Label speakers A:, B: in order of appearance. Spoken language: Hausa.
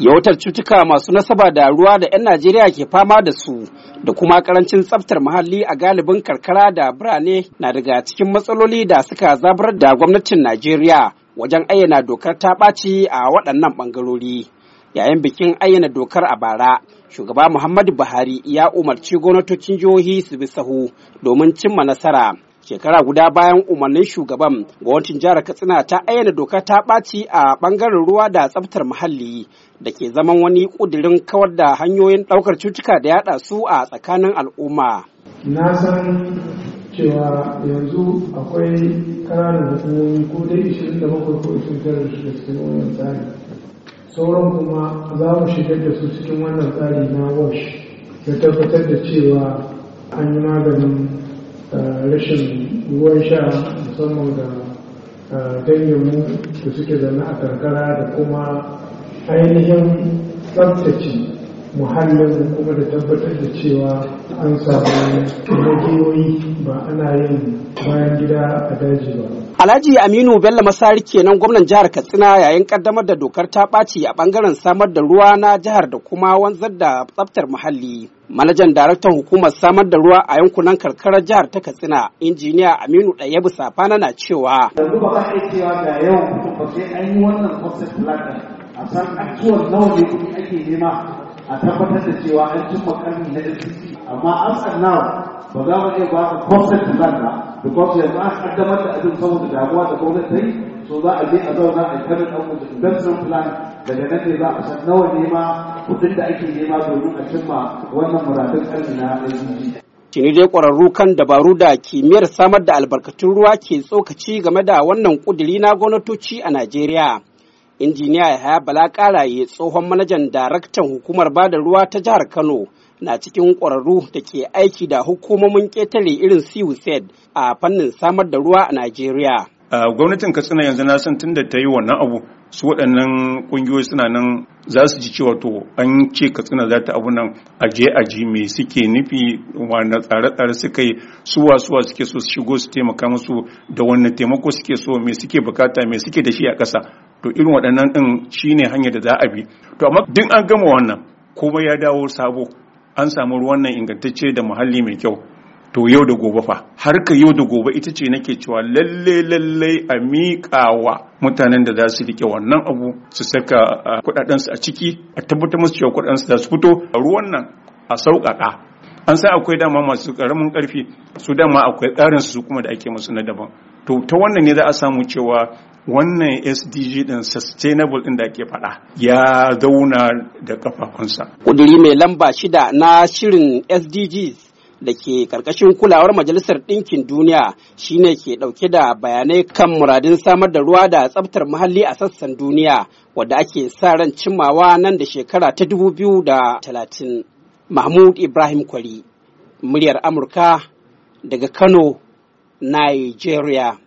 A: yawatar cutuka masu nasaba da ruwa da 'yan najeriya ke fama da su da kuma karancin tsaftar muhalli a galibin karkara da birane na daga cikin matsaloli da suka zabar da gwamnatin najeriya wajen ayyana dokar ta ɓaci a waɗannan ɓangarori yayin bikin ayyana dokar a bara shugaba muhammadu buhari ya umarci gwamnatocin jihohi su bi sahu domin cimma nasara Shekara guda bayan umarnin shugaban, gwamnatin jihar Katsina ta ayyana doka ta ɓaci a ɓangaren ruwa da tsaftar muhalli da ke zaman wani ƙudirin kawar da hanyoyin ɗaukar cutuka da yaɗa su a tsakanin al'umma.
B: Na san cewa yanzu akwai ƙananan hukumomi ko dai bakwai ko 29 da cikin wannan tsari. Sauran kuma za mu shigar da su cikin wannan tsari na WASH da tabbatar da cewa an yi maganin rashin ruwan sha musamman ga danginmu ah, da suke zaune a karkara da kuma ainihin tsabtace muhallin kuma da tabbatar da cewa an samu magiyoyi ba ana yin bayan gida a daji ba.
A: Alhaji Aminu Bello Masari kenan gwamnan jihar Katsina yayin kaddamar da dokar ta ɓaci a ɓangaren samar da ruwa na jihar da kuma wanzar da tsaftar muhalli. Manajan daraktan hukumar samar da ruwa a yankunan karkarar jihar ta Katsina, injiniya Aminu Ɗayyabu Safana na cewa.
C: Yanzu ba ka a cewa da yau ba sai an yi wannan concept plan a san nawa ne ake nema a tabbatar da cewa an cin makarni na FCC amma an sannawa ba za mu iya ba ka kwafsar da da because yanzu an kaddamar da abin saboda damuwa da gwamnati ta yi so za a je a zauna a tarin ɗaukar da investment plan daga nan ne za a san nawa nema kuɗin da ake nema domin a cimma wannan muradun karni na FCC.
A: Tuni dai ƙwararru kan dabaru da kimiyyar samar da albarkatun ruwa ke tsokaci game da wannan ƙudiri na gwamnatoci a Najeriya. injiniya yahaya bala karaye tsohon manajan daraktan hukumar bada ruwa ta jihar kano na cikin ƙwararru da ke aiki da hukumomin ƙetare irin siwused a fannin samar da ruwa a najeriya
D: gwamnatin katsina yanzu na san tun da ta yi wannan abu su waɗannan ƙungiyoyi suna nan za su ji cewa to an ce katsina za ta abu nan aje aji me suke nufi na tsare-tsare suka yi suwa suwa suke so su shigo su taimaka musu da wannan taimako suke so me suke bukata me suke da shi a ƙasa to irin waɗannan ɗin shine hanyar da za a bi to amma duk an gama wannan kuma ya dawo sabo an samu ruwan nan ingantacce da muhalli mai kyau to yau da gobe fa har ka yau da gobe ita ce nake cewa lalle lalle a miƙawa mutanen da za su rike wannan abu su saka ah, kudadensu a ciki a tabbatar musu cewa kudadensu za su fito A ruwan nan a sauƙaƙa an sai akwai dama masu ƙaramin ƙarfi su dama akwai tsarin su kuma da ake musu na daban to ta wannan ne za a samu cewa wannan sdg din sustainable din da ake faɗa ya
A: zauna da ƙafafunsa. kudiri mai lamba shida na shirin sdgs da ke karkashin kulawar Majalisar Ɗinkin Duniya shine ke ɗauke da bayanai kan muradin samar da ruwa da tsabtar muhalli a sassan duniya wadda ake sa ran cimmawa nan da shekara ta dubu biyu da talatin. Mahmud Ibrahim Kwari, muryar Amurka daga Kano, Nigeria.